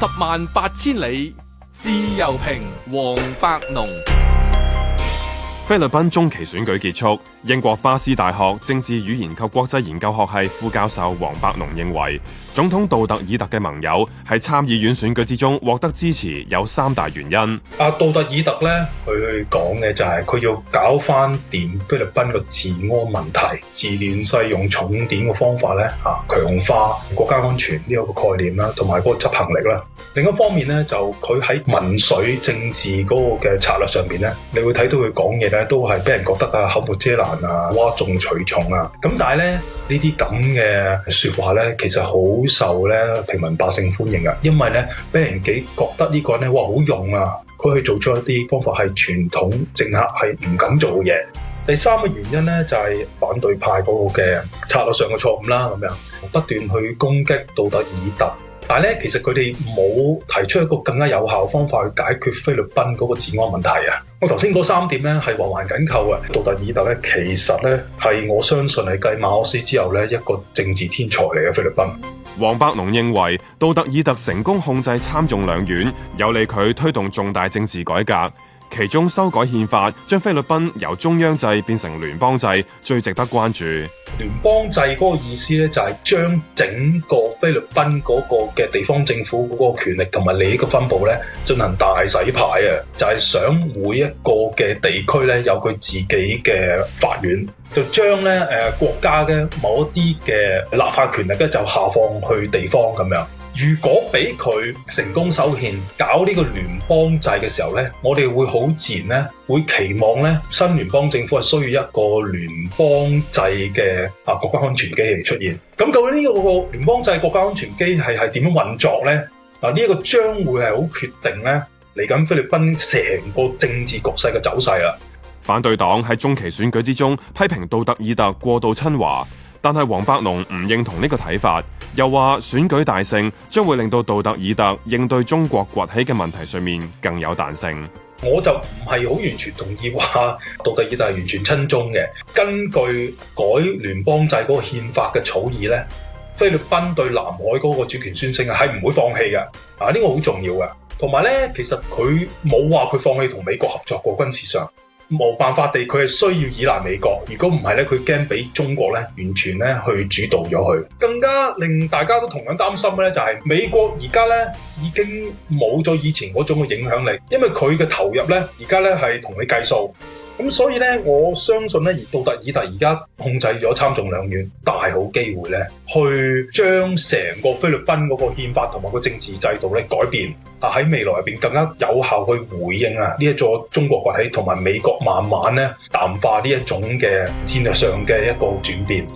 十萬八千里，自由評，黃伯農。菲律賓中期選舉結束，英國巴斯大學政治語言及國際研究學系副教授黃伯農認為，總統杜特爾特嘅盟友喺參議院選舉之中獲得支持有三大原因。阿杜特爾特咧，佢講嘅就係佢要搞翻掂菲律賓個治安問題，治亂世用重典嘅方法咧，吓強化國家安全呢一個概念啦，同埋嗰個執行力啦。另一方面呢，就佢喺民粹政治嗰個嘅策略上面呢，你會睇到佢講嘢咧。都係俾人覺得啊口無遮攔啊，嘩眾取寵啊。咁但係咧呢啲咁嘅説話咧，其實好受咧平民百姓歡迎嘅，因為咧俾人幾覺得呢個人咧哇好勇啊，佢去做出一啲方法係傳統政客係唔敢做嘅嘢。第三個原因咧就係、是、反對派嗰個嘅策略上嘅錯誤啦，咁樣不斷去攻擊杜特爾特。但係咧，其實佢哋冇提出一個更加有效方法去解決菲律賓嗰個治安問題啊！我頭先嗰三點咧係環環緊扣嘅。杜特爾特咧，其實咧係我相信係繼馬可斯之後咧一個政治天才嚟嘅，菲律賓。黃伯農認為杜特爾特成功控制參眾兩院，有利佢推動重大政治改革。其中修改憲法，將菲律賓由中央制變成聯邦制，最值得關注。聯邦制嗰個意思咧，就係將整個菲律賓嗰個嘅地方政府嗰個權力同埋利益個分佈咧，進行大洗牌啊！就係想每一個嘅地區咧，有佢自己嘅法院，就將咧誒國家嘅某一啲嘅立法權力咧，就下放去地方咁樣。如果俾佢成功修憲搞呢個聯邦制嘅時候呢，我哋會好自然呢，會期望呢，新聯邦政府係需要一個聯邦制嘅啊國家安全機器出現。咁究竟呢一個聯邦制國家安全機器係點樣運作呢？嗱，呢一個將會係好決定呢嚟緊菲律賓成個政治局勢嘅走勢啦。反對黨喺中期選舉之中批評杜特爾特過度親華。但係黃伯農唔認同呢個睇法，又話選舉大勝將會令到杜特爾特應對中國崛起嘅問題上面更有彈性。我就唔係好完全同意話杜特爾特係完全親中嘅。根據改聯邦制嗰個憲法嘅草擬呢，菲律賓對南海嗰個主權宣稱啊係唔會放棄嘅。啊呢個好重要嘅，同埋呢，其實佢冇話佢放棄同美國合作過軍事上。冇辦法地，佢係需要依賴美國。如果唔係咧，佢驚俾中國咧完全咧去主導咗佢。更加令大家都同樣擔心咧，就係美國而家咧已經冇咗以前嗰種嘅影響力，因為佢嘅投入咧而家咧係同你計數。咁所以咧，我相信咧，而杜特爾特而家控制咗參眾兩院，大好機會咧，去將成個菲律賓嗰個憲法同埋個政治制度咧改變，啊喺未來入邊更加有效去回應啊呢一座中國崛起同埋美國慢慢咧淡化呢一種嘅戰略上嘅一個轉變。